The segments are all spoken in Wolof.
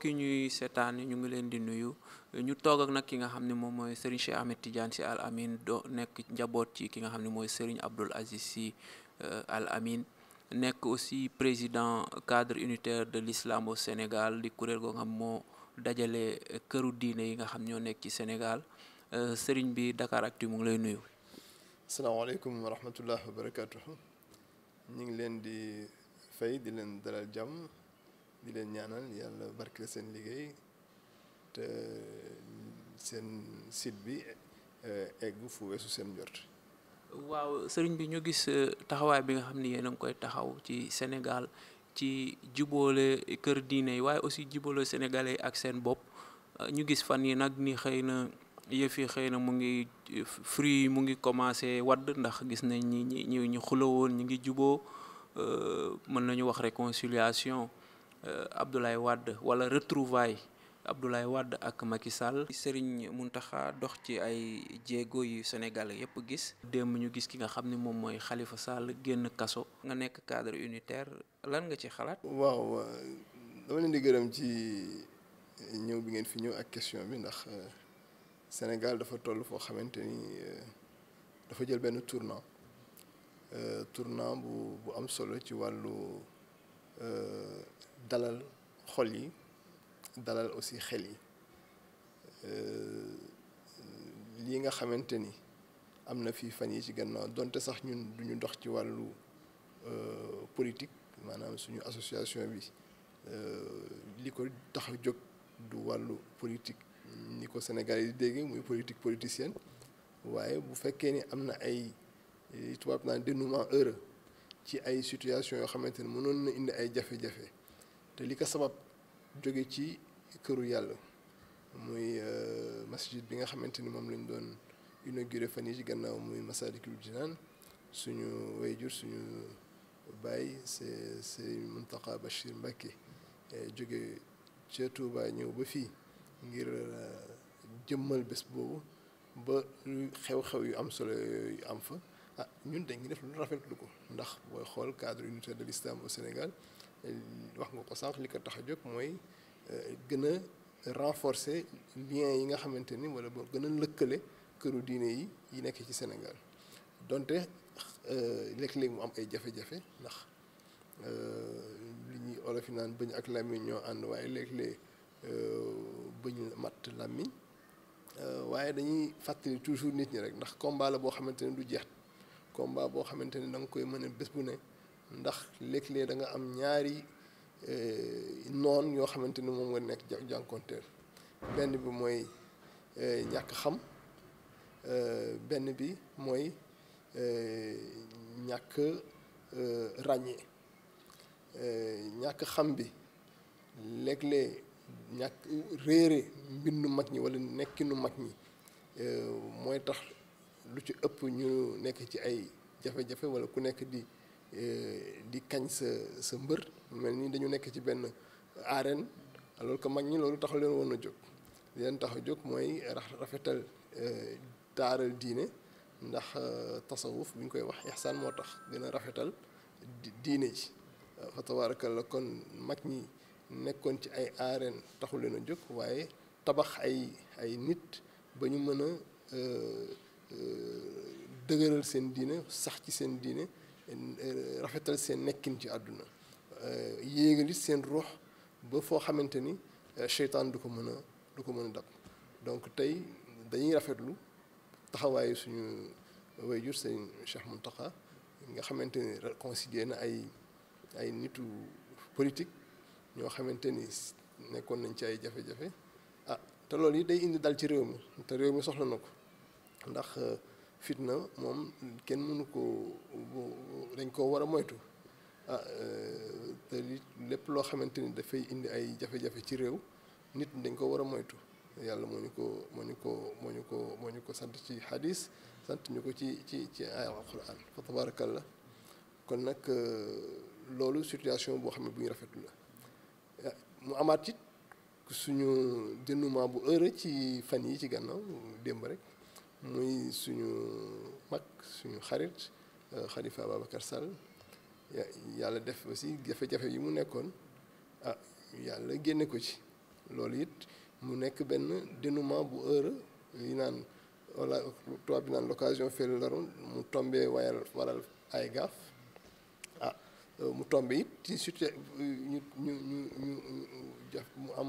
mbokk yi ñuy seetaan ñu ngi leen di nuyu ñu toog ak nag ki nga xam ne moom mooy Serigne Cheikh Ahmed Al Amine do nekk njaboot ci ki nga xam ne mooy Serigne Abdoul Aziz Sy euh, Al amin nekk aussi président cadre unitaire de l'islam Sénégal di kuréel goo nga moo dajale euh, këru diine yi nga xam ñoo nekk ci Sénégal euh, Serigne bi Dakaractu mu ngi lay nuyu. asalaamaaleykum wa rahmatullah wa ñu ngi leen di fay di leen dalal jàmm. di leen ñaanal yàlla barkeel seen liggéey te seen sit bi eh, egg fu weesu seen jort. waaw sëriñ bi ñu gis eh, taxawaay bi nga xam ni yéen a ngi koy taxaw ci Sénégal ci juboole kër diine yi waaye aussi juboole sénégalais ak seen bopp eh, ñu gis fan yi nag ni xëy na yëf xëy na mu ngi fruit mu ngi commencé wadd ndax gis nañ ñi ñi ñu xulawoon ñu ngi juboo mën nañu wax réconciliation Euh, Abdoulaye Wade wala retrouvaille Abdoulaye Wade ak Macky Sall. Serigne Mountakha dox ci ay jéego yu Sénégal yépp gis. démb ñu gis ki nga xam ni moom mooy xalifa Sall génn kaso. nga nekk cadre unitaire lan nga ci xalaat. waaw dama leen di gërëm ci ñëw bi ngeen fi ñëw ak question bi ndax euh, Sénégal dafa toll foo xamante ni euh, dafa jël benn tournant tournant bu bu am solo ci wàllu. dalal xol yi dalal aussi xel yi euh, lii nga xamante ni am na fii fan yi ci gannaaw donte sax ñun duñu dox ci wàllu euh, politique maanaam suñu association bi euh, li ko tax a jóg du wàllu politique ni ko Sénégal yi dégg muy politique politicienne waaye bu fekkee ni am na ay tubaab naa dénouement heureux ci ay situation yoo xamante ni mënoon na indi ay jafe-jafe te li ko sabab jóge ci këru yàlla muy euh, masjid bi nga xamante ni moom lañ doon inauguré fan yi ci gannaaw muy Masaalikul Jinaan suñu wayjur suñu bàyyi c'est c'est Muntaqa Bachir Mbacké eh, jóge ca Touba ñëw ba fii ngir euh, jëmmal bés boobu ba xew-xew yu am solo yu am fa ah ñun dañ ngi def lu rafetlu ko ndax booy xool cadre unitaire de l'islam au Sénégal Euh, wax nga ko sànq li ko tax a jóg mooy euh, gën a renforcer lien yi nga xamante ni wala boo gën a lëkkale këru diine yi yi nekk ci Sénégal donte euh, léeg-léeg mu am ay jafe-jafe ndax li ñuy olofi naan bëñ ak làmmiñ ñoo ànd waaye léeg-léeg bëñ matt làmmiñ waaye dañuy fàttali toujours nit ñi rek ndax combat la boo xamante ne du jeex combat boo xamante ne da nga koy mën a bés bu nekk ndax léeg-léeg da nga am ñaari eh, noon yoo xamante ni moom nga nekk jànkonteel benn bi mooy eh, ñàkk xam eh, benn bi mooy ñàkk ràññee ñàkk xam bi léeg-léeg ñàkk réere mbindu mag ñi wala nekkinu mag ñi mooy tax lu ci ëpp ñu nekk ci ay jafe-jafe wala ku nekk di Eh, di kañ sa sa mbër mel nii dañu nekk ci benn arène alors que mag ñi loolu tax leen woon a jóg li leen tax a jóg mooy rafetal eh, taaral diine ndax eh, tasawuf bi ñu koy wax ihsaan moo tax gën a rafetal diine ji fa tabaarakalla kon mag ñi nekkoon ci ay arène taxu leen a jóg waaye tabax ay ay nit ba ñu mën a dëgëral seen diine sax ci seen diine rafetal seen nekkin ci àdduna eh, yéegal it seen ruux ba foo xamante ni eh, seytaan du ko mën a du ko mën a dab donc tey dañuy rafetlu taxawaayu suñu wayjur seen Cheikh Mountakha nga xamante ni réconcilié na ay ay nitu politique ñoo xamante ni nekkoon nañ ci ay jafe-jafe ah te loolu yi day indi daal ci réew mi te réew mi soxla na ko ndax eh, fitna moom kenn mënu ko dañ koo war a moytu ah euh, te lépp loo xamante ni dafay indi ay jafe-jafe ci réew nit dañ ko war a moytu yàlla moo ñu ko moo ñu ko moo ñu ko moo ñu ko sant ci xadis sant ñu ko ci ci ci ay alquran fa tabarakallah kon nag euh, loolu situation boo xam ne bu ñu rafetlu la ah, mu amaat it suñu dénouement bu heure ci fan yi ci gannaaw démb rek muy suñu mag suñu xarit euh, Khalifa Ababacar Sall yàlla def aussi jafe-jafe yi mu nekkoon ah yàlla génne ko ci loolu it mu nekk benn dénouement bu heureux yi naan wala tubaab bi naan l'occasion fait le larron mu tombé wayal waral ay gaaf ah euh, mu tombé it ci euh, ñu ñu ñu ñu jaf mu am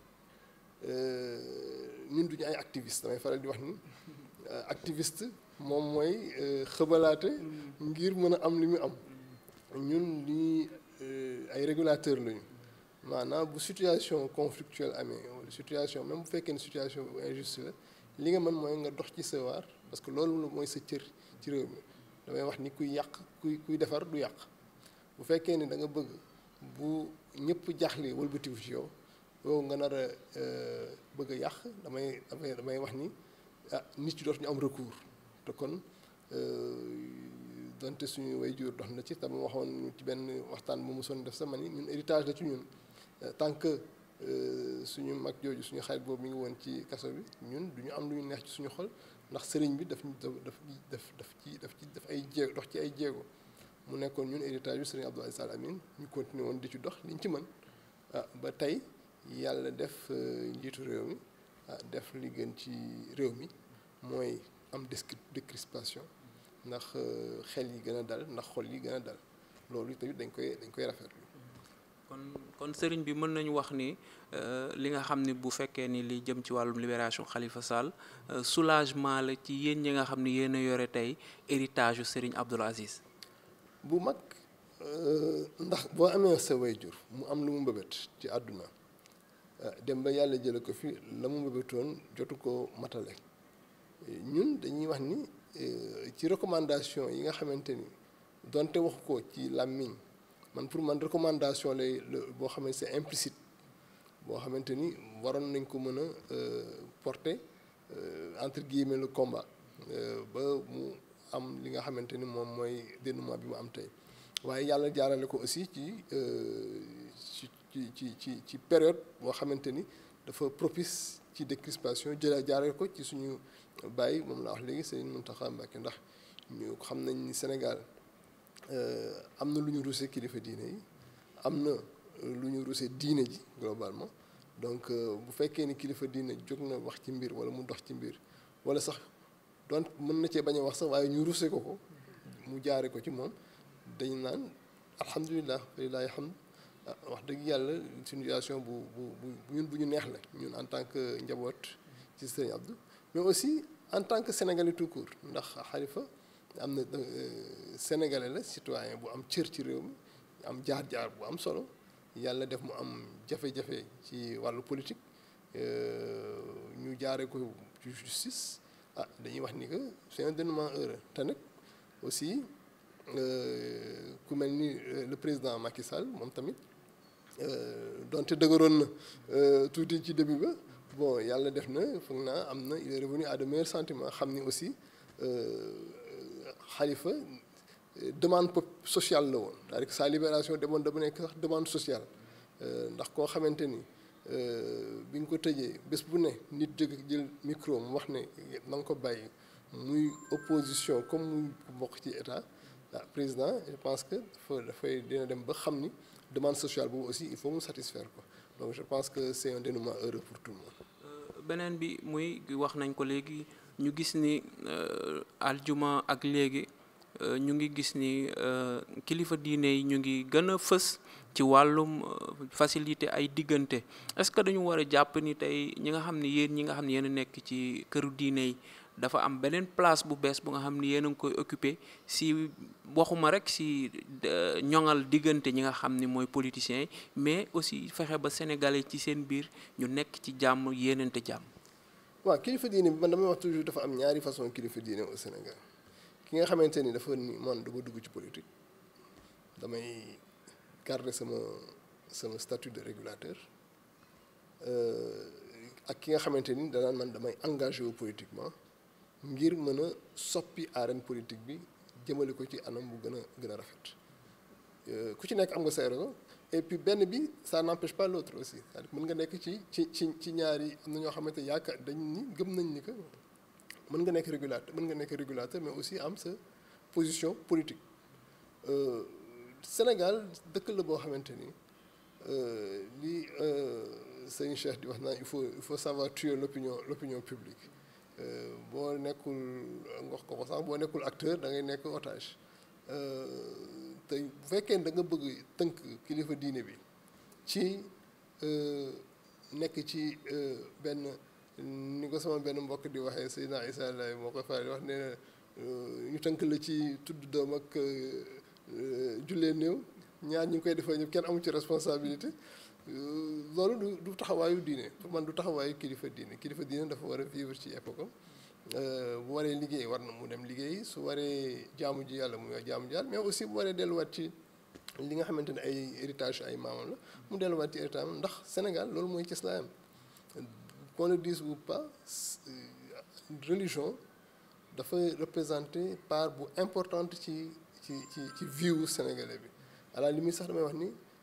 Euh, ñun duñu ay activiste damay faral di wax ni euh, activiste moom mooy euh, xëbalaate ngir mën a am li mu am ñun li ay régulateur lañu maanaam bu situation conflictuelle amee wala situation même bu fekkee ne situation bu injuste la li nga mën mooy nga dox ci sa waar parce que loolu mooy sa cër ci réew mi damay wax ni kuy yàq kuy kuy defar du yàq bu fekkee ni da nga bëgg bu ñëpp jaaxle wëlbatiku ci yow loolu nga nar a euh, bëgg a yàq damay damay damay wax ni ah nit ci ñu am recours te kon euh, donte suñu way jur dox na ci tam waxoon ci benn waxtaan bu mosoon def sama ni ñun héritage la ci ñun euh, tant que suñu mag jooju suñu xarit boobu mi ngi woon ci kaso bi ñun du ñu am lu ñu neex ci suñu xol ndax sëriñ bi daf ñu daf daf daf ci daf ci ay jéego dox ci ay jéego mu nekkoon ñun héritage bi sëriñ Abdou Aziz Al Amine ñu continué woon di ci dox liñ ci mën ah, ba tey. yàlla def euh, njiitu réew mi ah, def li gën ci réew mi mooy am décrispation ndax euh, xel yi gën a dal ndax xol yi gën a dal loolu tamit dañ koy dañ koy rafetlu. kon kon sëriñ bi mën nañu wax ni euh, li nga xam ni bu fekkee ni li jëm ci wàllum libération xalifa Sall soulagement la ci yéen ñi nga xam ni yéen yore tey héritage yu sëriñ Abdoul Aziz bu mag ndax boo amee sa way mu am lu mu mbëbët ci àdduna dem ba yàlla jële ko fi la mu mébétoon jotu ko matale ñun dañuy wax ni eh, ci recommandation yi nga xamante ni donte waxu ko ci làmmiñ man pour man recommandation lay boo xam ne c'est implicite boo xamante ni waroon nañ ko mën a eh, porter eh, entre guillemets le combat ba mu am li nga xamante ni moom mooy dénouement bi mu am tey waaye yàlla jaarale ko aussi ci ci ci ci ci période boo xamante ni dafa propice ci décrispation jëla jaaree ko ci suñu bàyyi moom laa wax léegi Serigne Mountakha Mbacké ndax ñu xam nañ ni Sénégal am na lu ñu rusé kilifa diine yi am na lu ñu rusé diine ji globalement donc bu fekkee ni kilifa diine jóg na wax ci mbir wala mu dox ci mbir wala sax donc mën na cee bañ a wax sax waaye ñu rusé ko ko mu jaare ko ci moom dañ naan alhamdulilah walilahi hamd Ah, wax une situation bu en tant que mais aussi en tant que sénégalais tout court ndax euh, sénégalais la citoyen bu am cër ci am am solo am politique euh, justice ah, c'est un dénouement heureux aussi euh, le président Macky Sall euh, donte dëgëroon na euh, tuuti ci début ba bon yàlla def na foog naa am na il est revenu à de meilleurs sentiments xam ni aussi euh, Khalifa demande sociale la woon cest que sa libération demoon dama nekk sax demande sociale ndax koo xamante ni bi nga ko tëjee bés bu ne nit jóg jël micro mu wax ne na ko bàyyi muy opposition comme muy bokk ci état ah, président je pense que dafa dafay dina dem ba xam ni demande sociale boobu aussi il faut nous satisfaire quoi. donc je pense que c'est un dénouement heureux pour tout le monde. Euh, Benen bi muy wax nañ ko léegi ñu gis ni euh, aljuma ak léegi euh, ñu ngi gis ni kilifa diine yi ñu ngi gën a fës ci wàllum facilité ay diggante est-ce que dañu war a jàpp ni tey ñi nga xam ne yéen ñi nga xam ne yéen a nekk ci këru diine yi. dafa am benen place bu bes bu nga xamni yeen koy occuper si waxuma rek si ñongal digënté ñi nga xamni moy politiciens mais aussi fexé ba sénégalais ci seen biir ñu nekk ci jamm yeenenté jamm wa kilifa diine man dama wax toujours dafa am ñaari façon kilifa diine au Sénégal ki nga xamanteni dafa ni man du dugg ci politique damay garder sama sama statut de régulateur. Euh, ak ki nga xamanteni da nan man damay engager politiquement ngir mën a soppi arène politique bi jëmale ko ci anam bu gën a gën a rafet euh, ku ci nekk am nga say raison et puis benn bi ça n'empêche par l'autre aussi mën nga nekk ci ci ci ci ñaari am ñoo xamante yaaka dañ ni gëm nañ ni que mën nga nekk régulateur mën nga nekk régulateur mais aussi am sa position politique euh, Sénégal dëkk la boo xamante ni euh, li sëñ Cheikh di wax naan il faut il faut savoir tuer l'opinion l'opinion publique Euh, boo nekkul wax ko ko sax boo nekkul acteur da ngay nekk otage euh, te bu fekkee da danga bëgg tënk kilifa diine bi ci euh, nekk ci benn ni ko sama benn mbokk di waxee Seydina Issa Laye moo koy faral di wax nee na ñu tënk la ci tudd doom ak jullee néew ñaar ñu ngi koy defee ñëpp kenn amul ci responsabilité Euh, loolu du du taxawaayu diine pour man du taxawaayu kilifa diine kilifa diine dafa war a vivre ci époque euh, bu waree liggéey war na mu dem liggéey su waree jaamu ji yàlla mu ngi jaamu ji yàlla mais aussi bu waree delluwaat ci li nga xamante ne ay héritage ay maamam la mu delluwaat ci héritage ndax Sénégal loolu mooy ci qu'on le dise ou pas euh, religion dafa représenter part bu importante ci ci ci ci vie wu bi à li muy sax damay wax ni.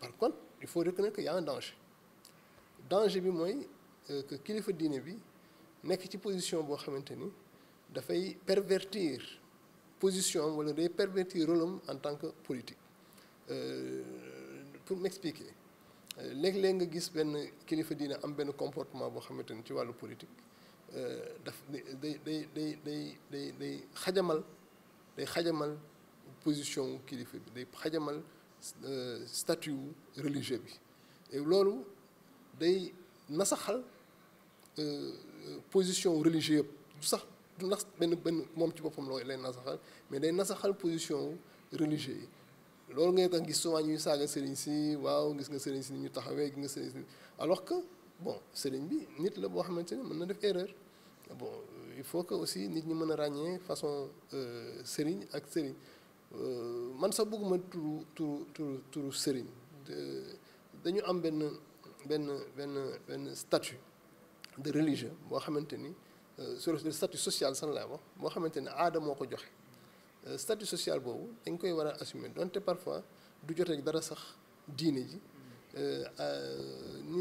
par contre il faut reconnaître qu'il y a un danger danger c'est euh, que position pervertir position pervertir rôle en tant que politique euh, pour m'expliquer les gens qui comportement politique euh, des position euh, statut religieux bi et lolu day nasaxal euh, euh, position religieuse, du sax ben ben benn benn ci boppam looy lay nasaxal mais day nasaxal position religieuse, lolu ngay tax gis souvent ñuy saaga sëriñ si waaw gis nga serigne si ni ñu gis nga serigne alors que bon serigne bi nit la boo xamante ne mën na def erreur bon il faut que aussi nit ñi mën a façon serigne ak serigne Euh, man sax bëgguma turu tour tour turu sëriñ dañu am benn benn benn benn statut de religieux boo xamante ni euh, sur le statut social san laay wax boo xamante ni aada moo ko joxe euh, statut social boobu dañ koy war a assumer donte parfois du jote dara sax diine ji Euh, euh,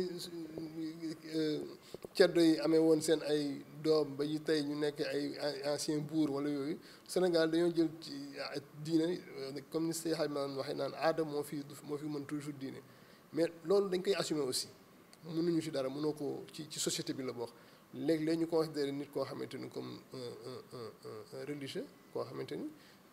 euh, ceddo yi amé won sen ay dom ba yi tay ñu nek ay ancien buur wala yooyu Sénégal dañu jël ci ah, diiné comme ni Sey Xayma waxee naan aada mo fi mo fi mën toujours diiné mais loolu dañ koy assumer aussi mënuñu ci dara mënoo ko ci ci société bi la bok lég léeg ñu considéré nit ko xamante comme un un un un religieux ko xamante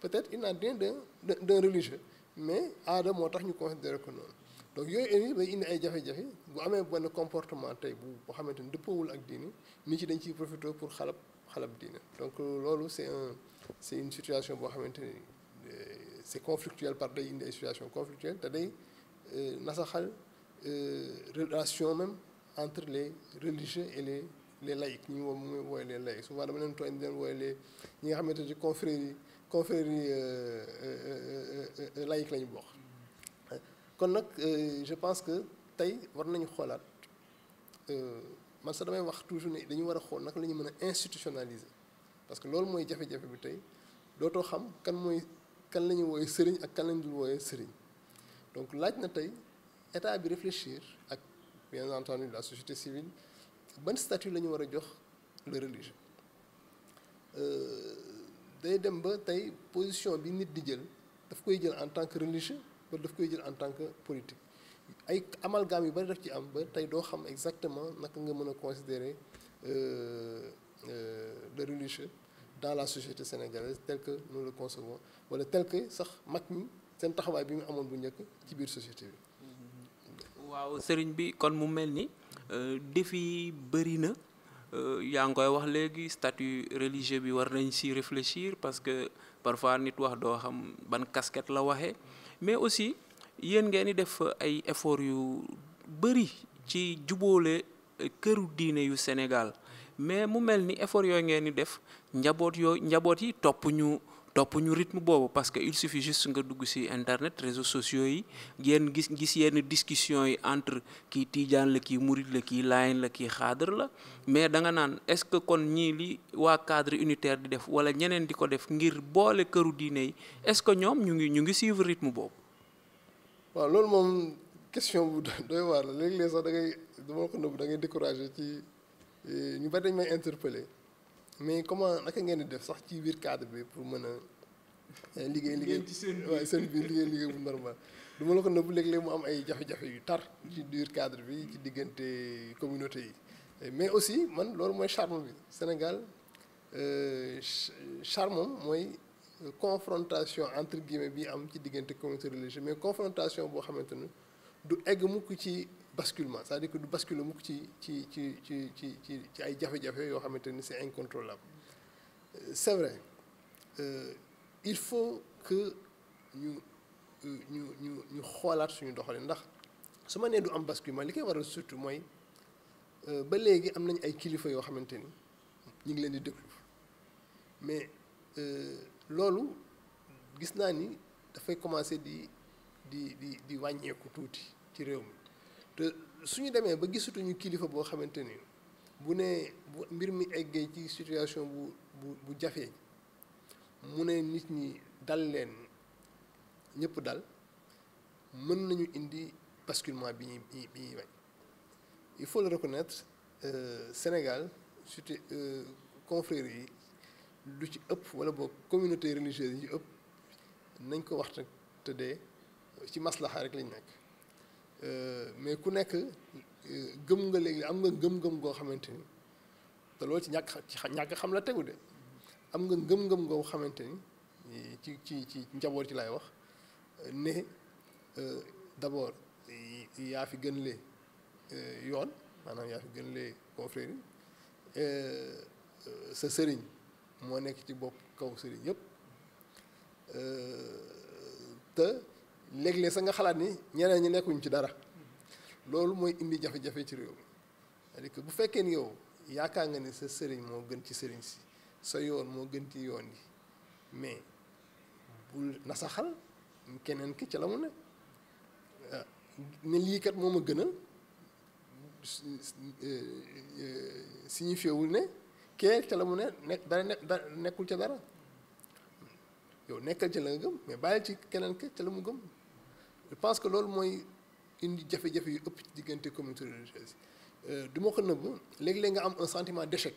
peut-être il n'a rien de d'un religieux mais aada mo tax ñu considéré ko noonu donc yooyu indi day indi ay jafe-jafe bu amee benn comportement tey bu boo xamante ni dëppoowul ak diine nit ci dañ ciy profité pour xalab xalab diine donc loolu c' est un c' est une situation boo xamante ni euh, c' est conflictuel par day indi ay situation conflictuelle te day euh, nasaxal euh, relation même entre les religieux et les les laïcs ñu moom mooy wooye les laïcs souvent dama leen tooñ leen wooye les ñi nga xamante ni confrérie confrérie laïque la ñu bokk kon nag euh, je pense que tay war nañu xolat euh man sa damay wax toujours ni dañu wara xol nak nag mëna institutionnaliser parce que lool moy jafé jafé bi tay doto xam kan moy kan lañu woy wooyee sëriñ ak kan lañu woy dul sëriñ donc laaj na tay état bi réfléchir ak bien entendu la société civile ban statut lañu wara jox le religieux euh, day dem ba tay position bi nit di jël daf koy jël en tant que religieux loolu daf koy jël en tant que politique ay amalgame yu bari daf ci am ba tey doo xam exactement naka nga mën a considérer euh, euh, le religieux dans la société sénégalaise tel que nous le concevons wala tel que sax mag ñi seen taxawaay bi mu amoon bu njëkk ci biir société bi. Mm-hmm. waaw sëriñ bi kon mu mel ni euh, défi bëri na yaa ngi koy wax léegi statut religieux bi war nañ si réfléchir parce que parfois nit wax doo xam ban casquette la waxee. mais aussi yéen ngeen di def ay effort yu bëri ci juboole këru diine yu Sénégal mais mu mel ni effort yooyu ngeen di def njaboot yooyu njaboot yi topp ñu topp ñu rythme boobu parce que il suffit juste nga dugg ci internet réseaux sociaux yi ngeen gis gis yenn discussion yi entre kii tiijaan la kii murit la kii laayen la kii xaadar la mais da nga naan est-ce que kon ñii li waa cadre unitaire di def wala ñeneen di ko def ngir boole këru diine yi est-ce que ñoom ñu ngi ñu ngi suivre rythme boobu. waaw loolu moom question bu doy waar la léeg-léeg sax da ngay dama ko nëbb da ngay décourager ci eh, ñu bari dañ may interpeller mais comment naka ngeen di def sax ci biir cadre bi pour mën a eh, liggéey liggéey waaw seen biir liggéey liggéey bu normal du ma la ko nëbb léeg-léeg mu am ay jafe-jafe yu tar ci biir cadre bi ci diggante communauté yi mais aussi man loolu mooy charme bi Sénégal euh, charme am mooy confrontation entre guillemets bi am ci diggante communauté religieuse mais confrontation boo xamante ne du egg mukk ci basculement c'est-à-dire que nous basculer qui ci ci qui c'est incontrôlable euh, c'est vrai euh, il faut que nous nous nous nous nous suñu faire. Si nous basculement nous surtout euh, ba am nañ ay kilifa leen di mais loolu gis naa ni commencer di di di di te suñu demee ba gisatuñu kilifa boo xamante ni bu ne mbir mi eggee ci situation bu bu bu jafee mu ne nit ñi dal leen ñëpp dal mën nañu indi basculement bi ñuy bi ñuy bañ il faut le reconnaître euh, Sénégal surtout euh, confréries yi lu ci ëpp wala boog communauté religieuse yi ci ëpp nañ ko wax te tëddee ci maslaxa rek lañ nekk Euh, mais ku nekk euh, gëm nga léegi am nga gëm gëm goo xamante ni te loolu ci ñàkk ci ñàkk xam la tegu de am nga gëm ngëm goo xamante ni ci ci ci njaboot ci laay wax ne euh, d'abord yaa fi gën lee yoon maanaam yaa fi gën lee confrère yi sa sëriñ moo nekk ci bopp kaw sëriñ yëpp te léeg-léeg nga xalaat ni ñeneen ñi nekkuñ ci dara loolu mooy indi jafe-jafe ci réew mi bu fekkee ni yow yaakaar nga ni sa sëriñ moo gën ci sëriñ si sa yoon moo gën ci yoon yi mais bul nasaxal keneen ki ci la mu ne euh, moom a gën a signifié wul ne kee ca la mu ne nekk dara ne da nekkul ca dara yow nekkal ca la nga gëm mais bàyyi ci keneen ke ca la mu gëm je pense que loolu mooy indi jafe-jafe yu ëpp ci diggante communauté religieuse euh, du ma ko nëbb léegi-léeg nga am un sentiment d'échec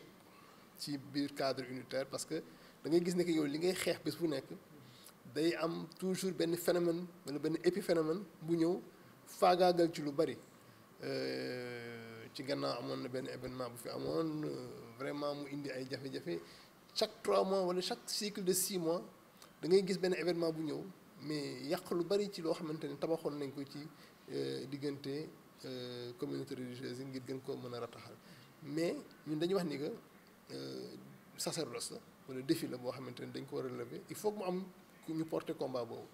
ci biir cadre unitaire parce que da ngay gis ne que yow li ngay xeex bés bu nekk day am toujours benn phénomène wala benn épiphénomène bu ñëw faagaagal ci lu bari euh, ci gannaaw amoon na benn événement bu fi amoon euh, vraiment mu indi ay jafe-jafe chaque trois mois wala chaque cycle de six mois da ngay gis benn événement bu ñëw mais yàq lu bari ci loo xamante ne tabaxoon nañ ko ci euh, diggante euh, communauté religieuse yi ngir gën koo mën a rataxal mais ñun dañuy wax ni que euh, sacerdoce la wala défi la boo xamante ne dañ ko a relever il faut mu am ku ñu porter combat boobu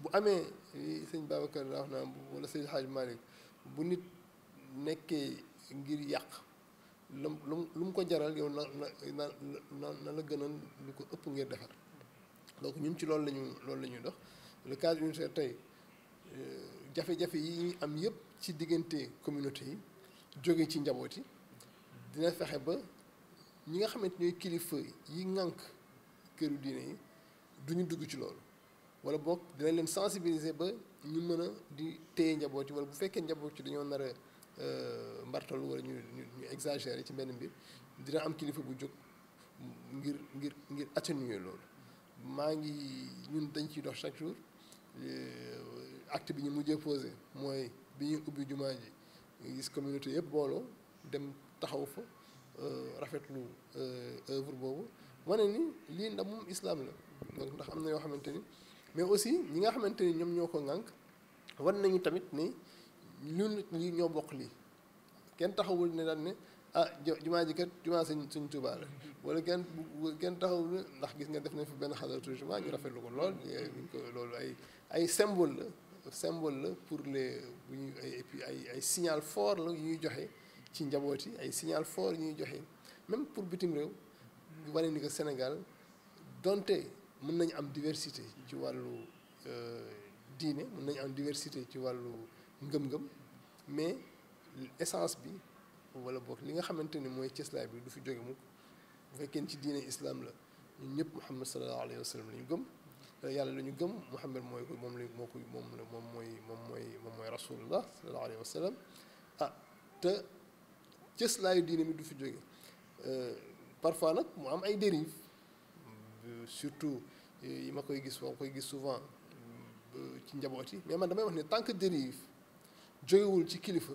bu amee sëñ Babacar daa wax naa wala sëñ Hadj Malick bu nit nekkee ngir yàq lu mu lu mu ko jaral yow na na na na la gënoon lu ko ëpp ngir defar donc ñun ci loolu lañu loolu la ñuy dox le cadre unitaire tey euh, jafe-jafe yi ñuy am yëpp ci diggante communauté yi jóge ci njaboot yi dina fexe ba ñi nga xamante ñooy kilifa yi ŋànk këru diine yi duñu dugg ci loolu wala boog dinañ leen sensibiliser ba ñu mën di téye njaboot yi wala bu fekkee njaboot yi dañoo nar a euh, mbartal wala ñu ñu exagérer ci benn mbir dina am kilifa bu jóg ngir ngir ngir atténuer loolu maa ngi ñun dañ ciy dox chaque jour Euh, act bi ñu mujjee posé mooy bi ñu ubbi jumaa ji nga gis communauté yëpp booloo dem taxaw fa euh, rafetlu euh, œuvre boobu wane ni lii ndamum islaam la donc ndax am na yoo xamante ni mais aussi ñi nga xamante ni ñoom ñoo ko ŋànk war nañu tamit ni ñun lii ñoo bokk lii kenn taxawul ne daan ne ah jumaa ji kat jumaa sëñ sëñ Tuubaa la wala kenn kenn taxaw ndax gis nga def nañ fi benn xadaratul jumaa ñu rafetlu ko lool ay ay symbole la symbole la pour les bu ñu et puis ay ay signal fort la yu ñuy joxe ci njaboot yi ay signal fort yu ñuy joxe même pour bitim réew wane ni que Sénégal donte mën nañu am diversité ci wàllu euh, diine mën nañu am diversité ci wàllu ngëm-ngëm mais essence bi wala bok li nga xamanteni moy ci islam bi du fi jóge mukk bu fekkee ci diine islam la ñun ñep muhammad sallallahu alayhi wasallam lañu gëm yàlla lañu gëm muhammad moy mom lay moo koy moom la mom moy mom moy mom moy rasulullah sallallahu alayhi wasallam ah te ci islam diine mi du fi jóge euh parfois nak mu am ay dérive surtout yi ma koy gis ma koy gis souvent ci njabooti mais man damay wax ni tant que dérive jógewul ci kilifa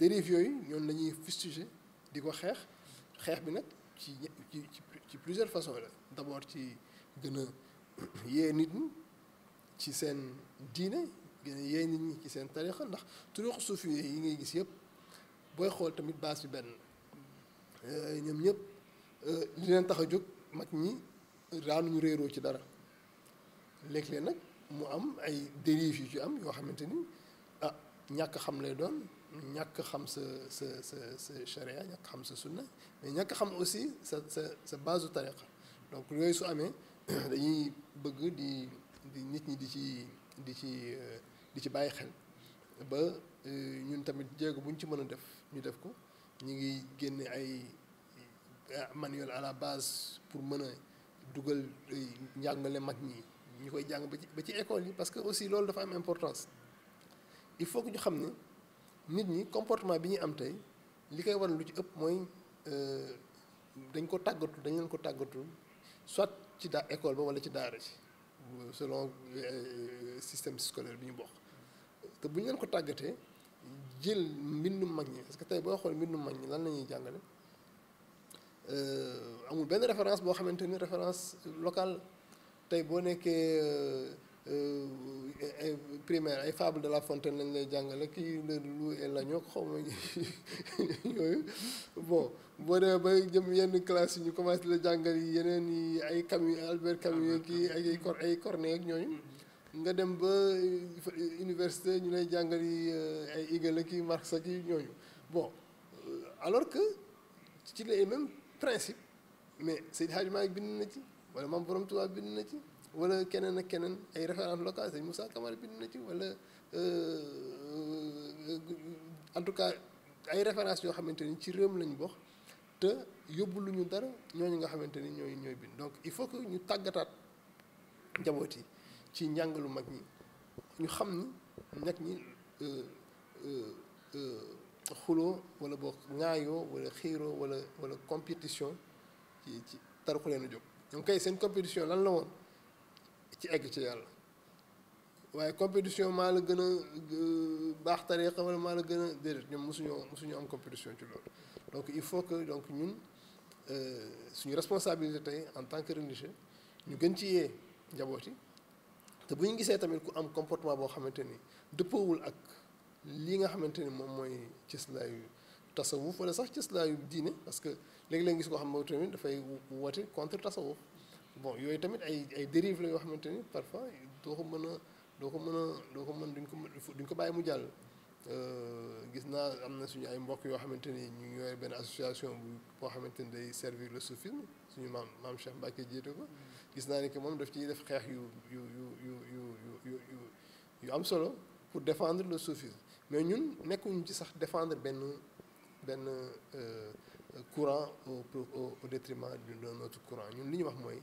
dérive yooyu ñoom lañuy ñuy di ko xeex xeex bi nag ci ci ci plusieurs façons la d'abord ci gën a yee nit ñi ci seen diine gën a yee nit ñi ci seen tarixa ndax turuq suufi yi ngay gis yëpp booy xool tamit base bi benn euh, ñoom ñëpp euh, li leen tax a jóg mag ñi daanuñu réeroo ci dara léeg lee nag mu am ay dérive yu ci am yoo xamante ni ah ñàkk xam lay doon ñàkk xam ce ce ce sa charia ñàkk xam sa sunna mais ñàkk xam aussi ce ce ce base tariqa donc yooyu su amé dañuy bëgg di di nit ñi di ci di ci di ci bàyyi xel ba euh, ñun tamit jéego buñ ci mëna def ñu def ko ñi ngi génne ay ah, manuel à la base pour mëna duggal dugal euh, njàngale mag ñi ñu koy jàng ba ci ba ci école yi parce que aussi loolu dafa am importance il faut que ñu xam ne nit ñi comportement bi ñu am tey li koy waral lu ci ëpp mooy euh, dañ ko tàggatu dañ leen ko tàggatu soit ci da école ba wala ci daara ci selon euh, système scolaire bi ñu bokk te bu ñu leen ko tàggatee jël mbindum mag ñi parce que tey boo xool mbindum mag ñi lan la ñuy jàngale euh, amul benn référence boo xamante ni référence locale tey boo nekkee Euh, euh, primaire ay fable de la fontaine lañ lay jàngale le et bon classe ñu commencé la Albert Camus ay cor ay Corneille ak ñooñu nga dem ba euh, université ñu lay ay Marx bon alors que c'est le même principe mais c'est Hadji même bind na ci wala wala keneen ak keneen ay références locales sëñ Moussa Camara bind na ci wala euh, en tout cas ay références yoo xamante ni ci réew mi lañ bokk te yóbbu lu ñu dara ñooñu nga xamante ni ñooy ñooy bind donc il faut que ñu tàggataat njaboot yi ci njàngalu mag ñi ñu xam ni nag ñi euh, euh, xuloo wala boo ŋaayoo wala xiiroo wala wala compétition ci ci taru xuleen a jóg ñoom kay seen compétition lan la woon ci egg ci yàlla waaye compétition maa la gën a euh, baax tariqa wala maa la gën a déedéet ñoom mosuñu mosuñu am compétition ci loolu donc il faut que donc ñun euh, suñu responsabilité tey en tant que religieux ñu gën ci yee njaboot yi te bu ñu gisee tamit ku am comportement boo xamante ni dëppoowul ak lii nga xamante ni moom mooy cëslaayu tasawuf wala sax cëslaayu diine parce que léeg-léeg gis koo xam ne tamit dafay woote contre tasawuf bon yooyu tamit ay ay dérive la yoo xamante ni parfois doo ko mën a doo ko mën a doo ko mën duñ ko duñ ko bàyyi mu jàll gis naa am na suñu ay mbokk yoo xamante ni ñu ngi yore benn association bu boo xamante ni day servir le soufisme suñu maam maam Cheikh Mbacke jiite ko gis naa ni que moom daf ciy def xeex yu yu yu yu yu yu yu yu am solo pour défendre le soufisme mais ñun nekkuñu ci sax défendre benn benn courant au au détriment d'un autre courant ñun li ñu wax mooy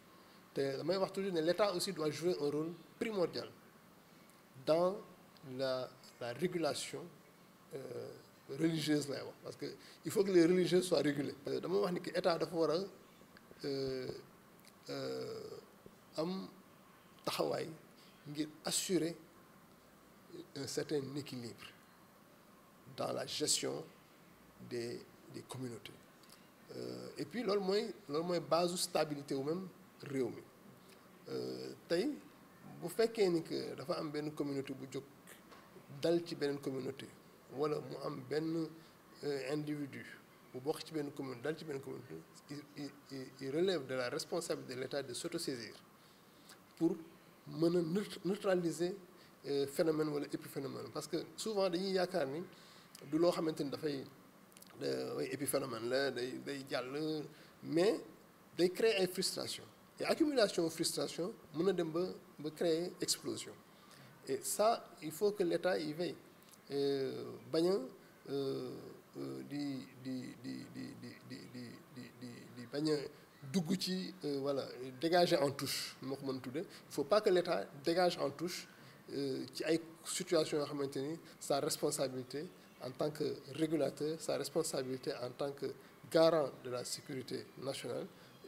l'État aussi doit jouer un rôle primordial dans la régulation euh, religieuse parce que il faut que les religieux soient régulés L'État doit assurer un certain équilibre dans la gestion des des communautés euh, et puis le moins le de base stabilité ou même réew mi euh, tey bu fekkee ni que dafa am benn communauté bu jóg dal ci beneen communauté wala mu am benn euh, individu bu bokk ci benn commune dal ci benn communauté il relève de la responsabilité de l'État de s'autosaisir pour mën a neutraliser euh, phénomène wala épiphénomène parce que souvent dañuy yaakaar ni du loo xamante ni dafay ay épiphénomène la day day jàll mais day créer ay frustration et accumulation frustration mën dem explosion et ça il faut que l'État y veille Il ne euh, euh dégager en touche faut pas que l'État dégage en touche euh, ci une situation à maintenir sa responsabilité en tant que régulateur sa responsabilité en tant que garant de la sécurité nationale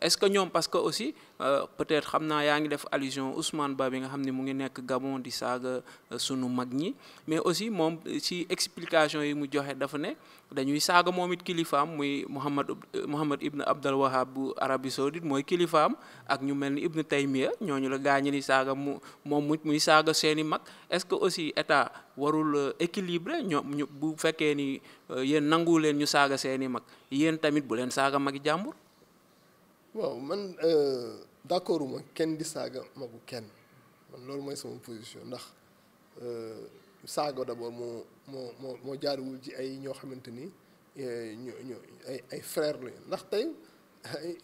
est-ce que nous parce que aussi euh, peut-être que nous fait def allusion Ousmane Ba bi nga xamni mu ngi Gabon di saga euh, sunu mais aussi mom ci explication yi mu joxe dafa ne dañuy saga momit muy euh, Mohammed Ibn Abdel Wahab bu Arabie Saoudite moy kilifaam ak ñu melni Ibn Taymiya la gañi ni saga mom muy saga seeni mag est-ce que aussi état warul équilibré ñom bu ni yeen nangu ñu saga seeni mag tamit bu waaw man d'accord ma kenn di saaga magu kenn man loolu mooy sama position ndax saaga d'abord moo moo moo moo jaarwul ci ay ñoo xamante ni ñu ñu ay ay frère lañu ndax tey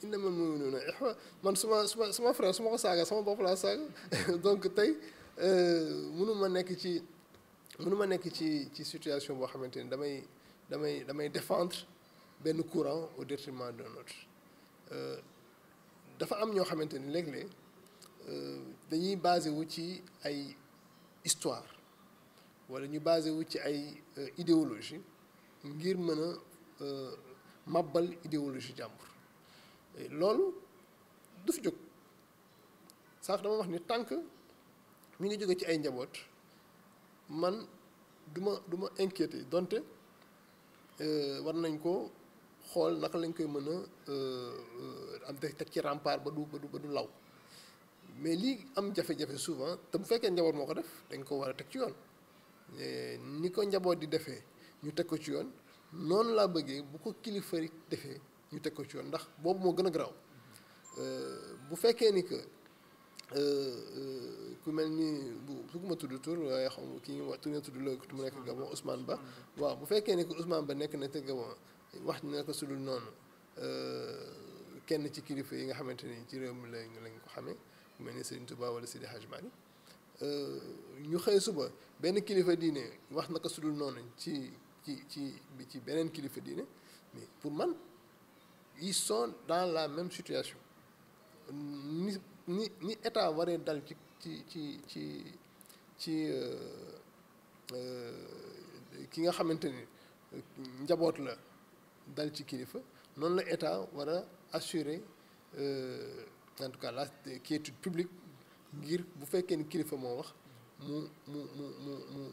innamal mu'minuuna ixwa man suma suma suma frère su ko saaga sama bopp laa saaga donc tey mënu nekk ci mënu nekk ci ci situation boo xamante ni damay damay damay défendre benn courant au détriment d'un autre dafa am ñoo xamante ni léeg-léeg euh, dañuy basé wu ci ay histoire wala ñu basé wu ci ay euh, idéologie ngir mën a euh, màbbal idéologie jàmbur loolu du fi jóg sax dama wax ni tànk mi ngi jóge ci ay njaboot man du ma du ma inquiété donte war nañ ko xool naka lañ koy mën a euh, am teg ci rempart ba du ba du law mais lii am jafe-jafe souvent te bu fekkee njaboot moo ko def dañ ko war a teg ci yoon ni ko njaboot di defee ñu teg ko ci yoon noonu laa bëggee bu ko kilifa defee ñu teg ko ci yoon ndax boobu moo gën a garaaw euh, bu fekkee ni que euh, ku mel nii bu bëgguma tudd tur waaye xam ki ñu wax tur nga tudd loolu mu nekk Gabon Ousmane Ba mm-hmm. waaw bu fekkee ni que Ousmane Ba nekk na te Gabon واحد من أقصد النون كان تكلف إن حمل تني تري من لين لين حمل من سيد توبا ولا سيد حاج ماني نخي سوبا بين كلفة دينة واحد من أقصد النون تي تي تي بتي بين كلفة دينة مي pour من ils sont dans la même situation ni ni ni état varé dal ci ci ci ci ci euh euh ki nga xamanteni njabot la dal ci kilifa non la état war assurer assurer euh, en tout cas la est publique ngir bu fekkee ni kilifa moo wax mu mu mu mu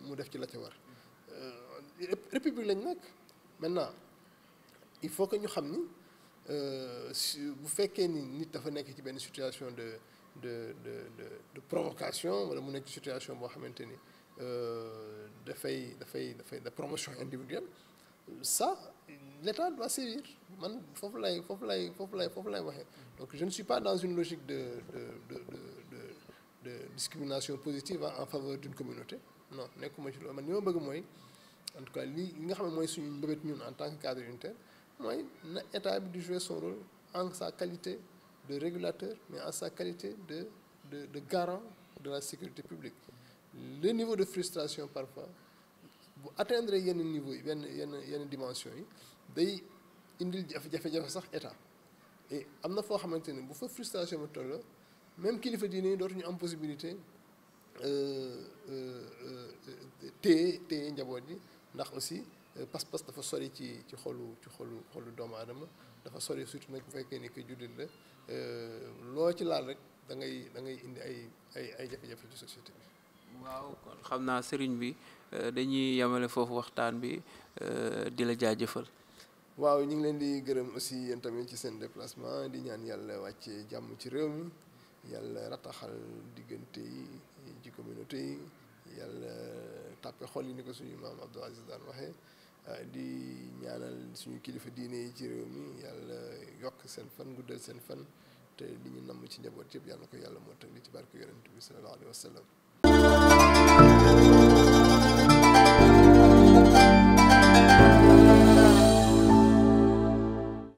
mu def ci la ci war euh, république lañ nekk maintenant il faut que ñu xamni euh bu fekkee ni nit dafa nekk ci ben situation de de de de de provocation wala mu nekk ci situation boo xamante euh, da fay da fay de promotion individuelle ça l'État doit sévir man donc je ne suis pas dans une logique de de de de de discrimination positive en faveur d'une communauté non nekkuma ci loolu man en tout cas li nga xam ne suñu en tant que cadre unitaire L'État l'État état jouer son rôle en sa qualité de régulateur mais en sa qualité de de de garant de la sécurité publique le niveau de frustration parfois bu atteindre yenn niveau benn yenn yenn dimension yi day indil jafe-jafe sax état am na foo xamante ne bu fa frustration bi toll même kilifa diine yi dootuñu am possibilité euh, euh, euh, téye téye njaboot yi ndax aussi pas-pas dafa sori ci ci xolu ci xolu xolu doomu aadama dafa sori surtout nag bu fekkee ni que jullit la loo ci laal rek da ngay da ngay indi ay ay ay jafe-jafe ci société bi. waaw xam naa sëriñ bi. Euh, dañuy yemale foofu waxtaan bi euh, di la jaajëfal. waaw ñu ngi leen di gërëm aussi yéen tamit ci seen déplacement di ñaan yàlla wàccee jàmm ci réew mi yàlla rataxal diggante yi ci communauté yi yàlla tàppe xol yi ni ko suñu maam Abdou Aziz daan waxee euh, di ñaanal suñu kilifa diine yi ci réew mi yàlla yokk seen fan guddal seen fan te li ñu namm ci njaboot yëpp yàlla ko yàlla moo tënk ci barke yonent bi sallallahu alayhi wa